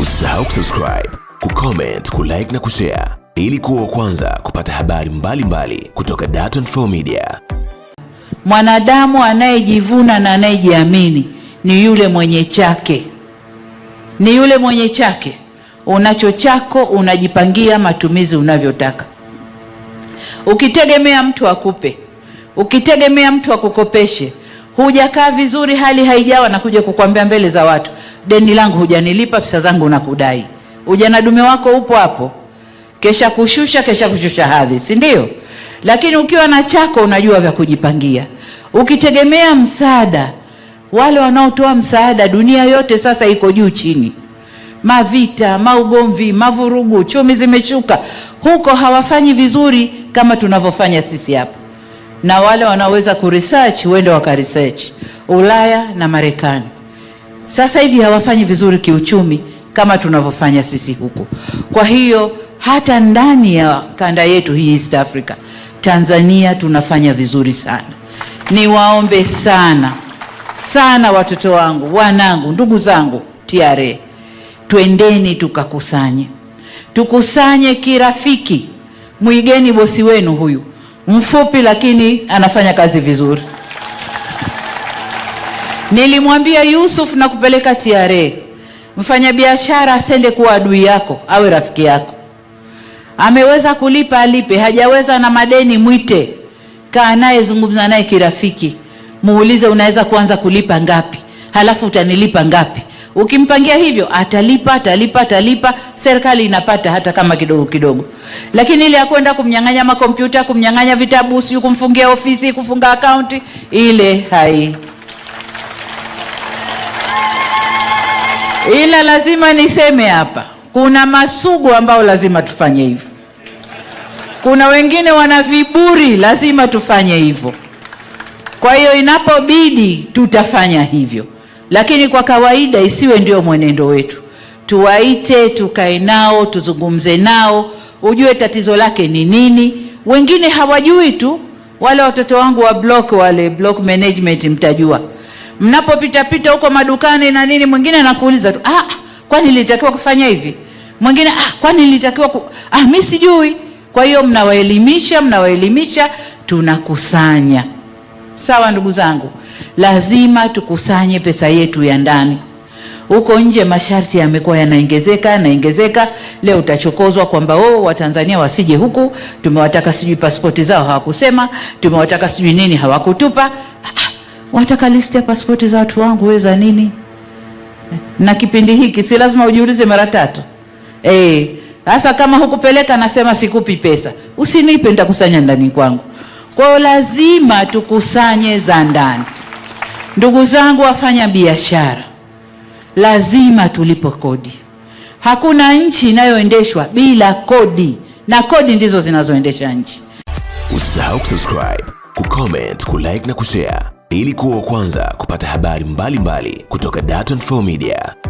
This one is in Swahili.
Usisahau kusubscribe, kucomment, kulike na kushare ili kuwa kwanza kupata habari mbalimbali mbali kutoka Dar24 Media. Mwanadamu anayejivuna na anayejiamini ni yule mwenye chake, ni yule mwenye chake. Unacho chako unajipangia matumizi unavyotaka. Ukitegemea mtu akupe, ukitegemea mtu akukopeshe, hujakaa vizuri, hali haijawa, nakuja kukwambia mbele za watu, deni langu hujanilipa, pesa zangu nakudai, Ujana dume wako upo hapo, kesha kushusha, kesha kushusha hadhi, si ndio? Lakini ukiwa na chako unajua vya kujipangia, ukitegemea msaada. Wale wanaotoa msaada dunia yote sasa iko juu chini, mavita, maugomvi, mavurugu, chumi zimeshuka huko, hawafanyi vizuri kama tunavyofanya sisi hapa na wale wanaoweza kuresearch wende wakaresearch Ulaya na Marekani. Sasa hivi hawafanyi vizuri kiuchumi kama tunavyofanya sisi huku. Kwa hiyo hata ndani ya kanda yetu hii East Africa, Tanzania tunafanya vizuri sana. Niwaombe sana sana, watoto wangu, wanangu, ndugu zangu TRA, twendeni tukakusanye, tukusanye kirafiki, mwigeni bosi wenu huyu mfupi, lakini anafanya kazi vizuri. Nilimwambia Yusuf na kupeleka TRA, mfanyabiashara asende kuwa adui yako, awe rafiki yako. Ameweza kulipa alipe, hajaweza na madeni mwite, kaa naye, zungumza naye kirafiki, muulize unaweza kuanza kulipa ngapi, halafu utanilipa ngapi. Ukimpangia hivyo atalipa, atalipa, atalipa, serikali inapata hata kama kidogo kidogo. Lakini ile ya kwenda kumnyang'anya makompyuta, kumnyang'anya vitabu, sio kumfungia ofisi, kufunga akaunti, ile hai ila lazima niseme hapa, kuna masugu ambao lazima tufanye hivyo. Kuna wengine wana viburi, lazima tufanye hivyo. Kwa hiyo inapobidi tutafanya hivyo lakini kwa kawaida isiwe ndio mwenendo wetu. Tuwaite, tukae nao, tuzungumze nao, ujue tatizo lake ni nini. Wengine hawajui tu. Wale watoto wangu wa block wale block management, mtajua mnapopita pita huko madukani na nini, mwingine anakuuliza tu, ah, kwani nilitakiwa kufanya hivi? Mwingine ah, kwani nilitakiwa ku... ah, mimi sijui. Kwa hiyo mnawaelimisha, mnawaelimisha, tunakusanya. Sawa, ndugu zangu lazima tukusanye pesa yetu ya ndani. Huko nje masharti yamekuwa yanaongezeka naongezeka. Leo utachokozwa kwamba oh, Watanzania wasije huku, tumewataka sijui pasipoti zao hawakusema, tumewataka sijui nini hawakutupa. Ah, wataka listi ya pasipoti za watu wangu weza nini? Na kipindi hiki si lazima ujiulize mara tatu sasa eh, kama hukupeleka nasema sikupi pesa, usinipe, nitakusanya ndani kwangu. Kwa lazima tukusanye za ndani. Ndugu zangu wafanya biashara, lazima tulipe kodi. Hakuna nchi inayoendeshwa bila kodi, na kodi ndizo zinazoendesha nchi. Usisahau kusubscribe, kucomment, kulike na kushare ili kuwa wa kwanza kupata habari mbalimbali mbali kutoka Dar24 Media.